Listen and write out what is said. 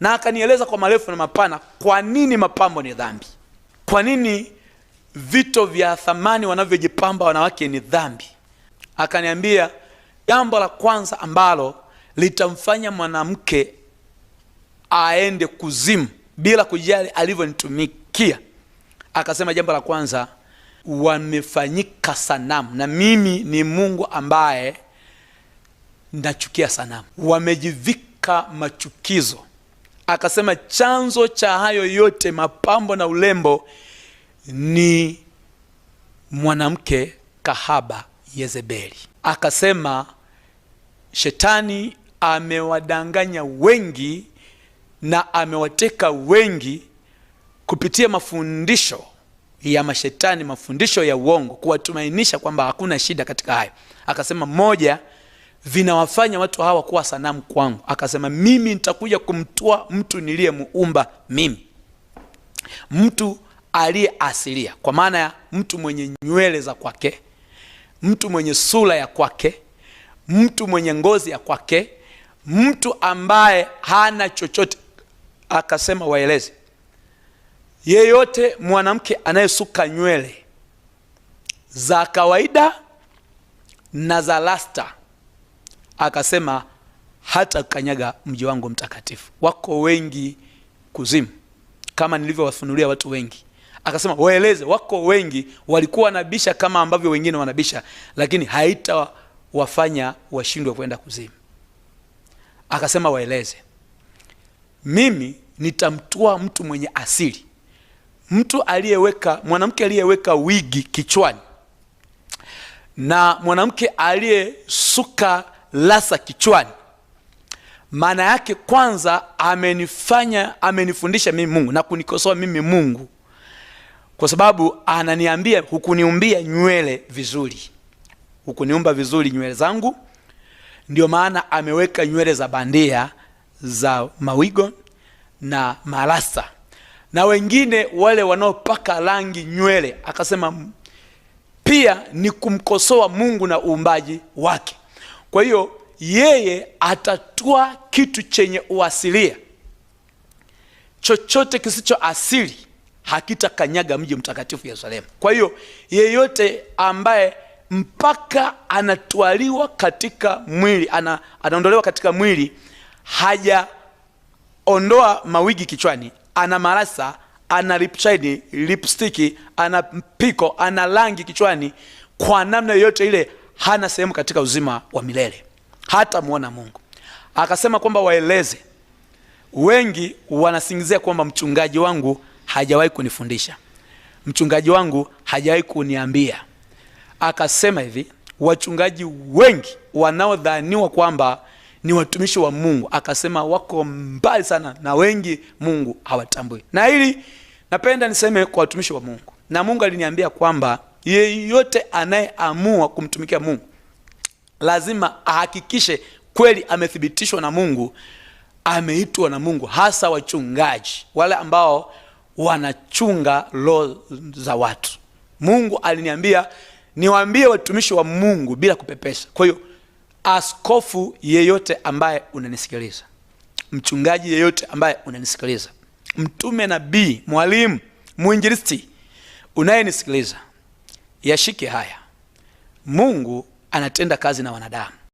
na akanieleza kwa marefu na mapana kwa nini mapambo ni dhambi, kwa nini vito vya thamani wanavyojipamba wanawake ni dhambi. Akaniambia jambo la kwanza ambalo litamfanya mwanamke aende kuzimu bila kujali alivyonitumikia, akasema jambo la kwanza, wamefanyika sanamu, na mimi ni Mungu ambaye nachukia sanamu, wamejivika machukizo Akasema chanzo cha hayo yote, mapambo na ulembo, ni mwanamke kahaba Yezebeli. Akasema shetani amewadanganya wengi na amewateka wengi kupitia mafundisho ya mashetani, mafundisho ya uongo, kuwatumainisha kwamba hakuna shida katika hayo. Akasema moja vinawafanya watu hawa kuwa sanamu kwangu. Akasema mimi nitakuja kumtoa mtu niliyemuumba mimi, mtu aliye asilia, kwa maana ya mtu mwenye nywele za kwake, mtu mwenye sura ya kwake, mtu mwenye ngozi ya kwake, mtu ambaye hana chochote. Akasema waeleze yeyote mwanamke anayesuka nywele za kawaida na za rasta akasema hata kanyaga mji wangu mtakatifu. Wako wengi kuzimu, kama nilivyowafunulia watu wengi. Akasema waeleze, wako wengi walikuwa wanabisha kama ambavyo wengine wanabisha, lakini haitawafanya washindwe kwenda kuzimu. Akasema waeleze, mimi nitamtua mtu mwenye asili, mtu aliyeweka, mwanamke aliyeweka wigi kichwani na mwanamke aliyesuka lasa kichwani. Maana yake kwanza, amenifanya amenifundisha mimi Mungu na kunikosoa mimi Mungu, kwa sababu ananiambia hukuniumbia nywele vizuri, hukuniumba vizuri nywele zangu. Ndio maana ameweka nywele za bandia za mawigo na marasa na wengine wale wanaopaka rangi nywele, akasema pia ni kumkosoa Mungu na uumbaji wake. Kwa hiyo yeye atatua kitu chenye uasilia, chochote kisicho asili hakitakanyaga mji mtakatifu Yerusalemu. Kwa hiyo yeyote ambaye mpaka anatwaliwa katika mwili ana, anaondolewa katika mwili hajaondoa mawigi kichwani, ana marasa, ana lipshine, lipstiki, ana mpiko, ana rangi kichwani, kwa namna yoyote ile hana sehemu katika uzima wa milele hata muona Mungu. Akasema kwamba waeleze, wengi wanasingizia kwamba mchungaji wangu hajawahi kunifundisha, mchungaji wangu hajawahi kuniambia. Akasema hivi, wachungaji wengi wanaodhaniwa kwamba ni watumishi wa Mungu, akasema wako mbali sana na wengi Mungu hawatambui. Na hili napenda niseme kwa watumishi wa Mungu, na Mungu aliniambia kwamba yeyote anayeamua kumtumikia Mungu lazima ahakikishe kweli amethibitishwa na Mungu, ameitwa na Mungu, hasa wachungaji wale ambao wanachunga roho za watu. Mungu aliniambia niwaambie watumishi wa Mungu bila kupepesa. Kwa hiyo askofu yeyote ambaye unanisikiliza, mchungaji yeyote ambaye unanisikiliza, mtume, nabii, mwalimu, mwinjilisti unayenisikiliza yashike haya, Mungu anatenda kazi na wanadamu.